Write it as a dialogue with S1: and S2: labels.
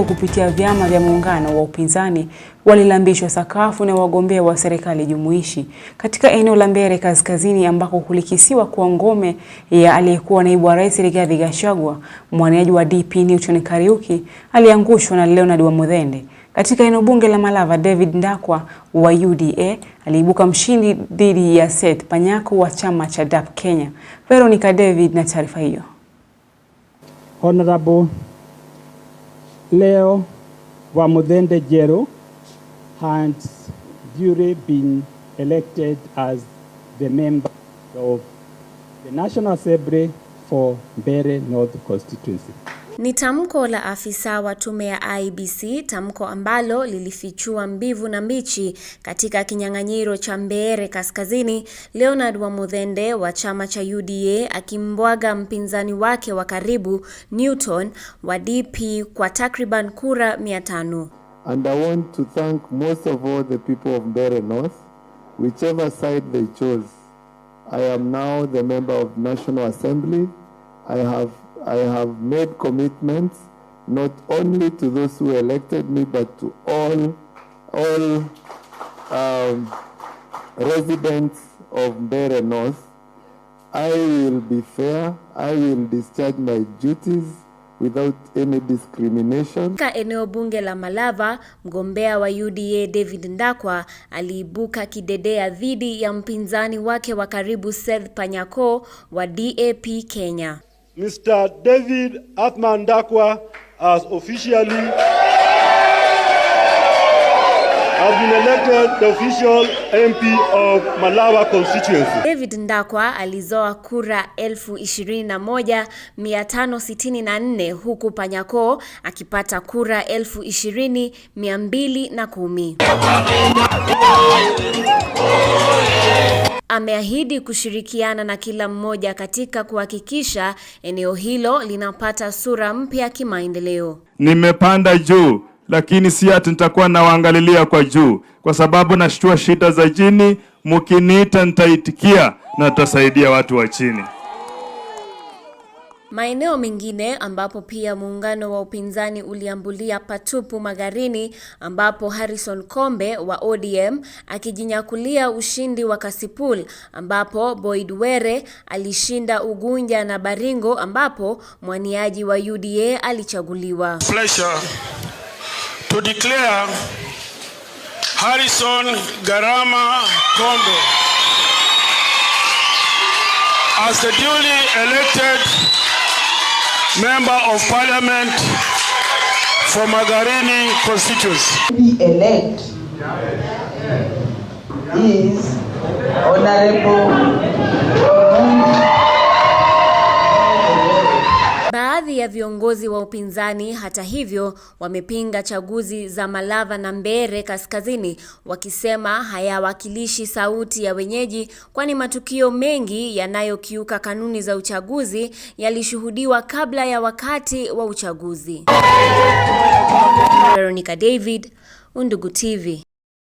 S1: huo kupitia vyama vya muungano wa upinzani walilambishwa sakafu na wagombea wa serikali jumuishi katika eneo la Mbeere Kaskazini ambako kulikisiwa kuwa ngome ya aliyekuwa naibu wa rais Rigathi Gachagua. Mwaniaji wa DP Newton Kariuki aliangushwa na Leonard Wamuthende. Katika eneo bunge la Malava, David Ndakwa wa UDA aliibuka mshindi dhidi ya Seth Panyako wa chama cha DAP Kenya. Veronica David na taarifa hiyo.
S2: Honorable Leo wamudende jero has duly been elected as the member of the National Assembly for bere North constituency.
S1: Ni tamko la afisa wa tume ya IEBC, tamko ambalo lilifichua mbivu na mbichi katika kinyang'anyiro cha Mbeere Kaskazini, Leonard Wamuthende wa chama cha UDA akimbwaga mpinzani wake wa karibu Newton wa DP kwa takriban kura 500.
S2: And I want to thank most of all the people of Mbeere North, whichever side they chose. I am now the member of National Assembly. I have I have made commitments not only to those who elected me, but to all, all um, residents of Mbere North. I will be fair. I will discharge my duties without any discrimination.
S1: Katika eneo bunge la Malava, mgombea wa UDA David Ndakwa aliibuka kidedea dhidi ya mpinzani wake wa karibu Seth Panyako wa DAP Kenya.
S3: Mr. David Athman Dakwa has officially has been elected the official MP of Malawa constituency.
S1: David Ndakwa alizoa kura elfu ishirini na na moja sitini nne huku Panyako akipata kura elfu ishirini na kumi ameahidi kushirikiana na kila mmoja katika kuhakikisha eneo hilo linapata sura mpya kimaendeleo.
S4: Nimepanda juu lakini si ati nitakuwa nawaangalilia kwa juu, kwa sababu nashtua shida za chini. Mkiniita nitaitikia na tutasaidia watu wa chini.
S1: Maeneo mengine ambapo pia muungano wa upinzani uliambulia patupu Magarini ambapo Harrison Kombe wa ODM akijinyakulia ushindi wa Kasipul ambapo Boyd Were alishinda Ugunja na Baringo ambapo mwaniaji wa UDA alichaguliwa.
S3: Pleasure to declare Harrison Garama Kombe as the duly elected Member of Parliament for Magarini constituency.
S2: The elect is Honorable
S1: ya viongozi wa upinzani hata hivyo wamepinga chaguzi za Malava na Mbeere Kaskazini wakisema hayawakilishi sauti ya wenyeji kwani matukio mengi yanayokiuka kanuni za uchaguzi yalishuhudiwa kabla ya wakati wa uchaguzi. Veronica David, Undugu TV.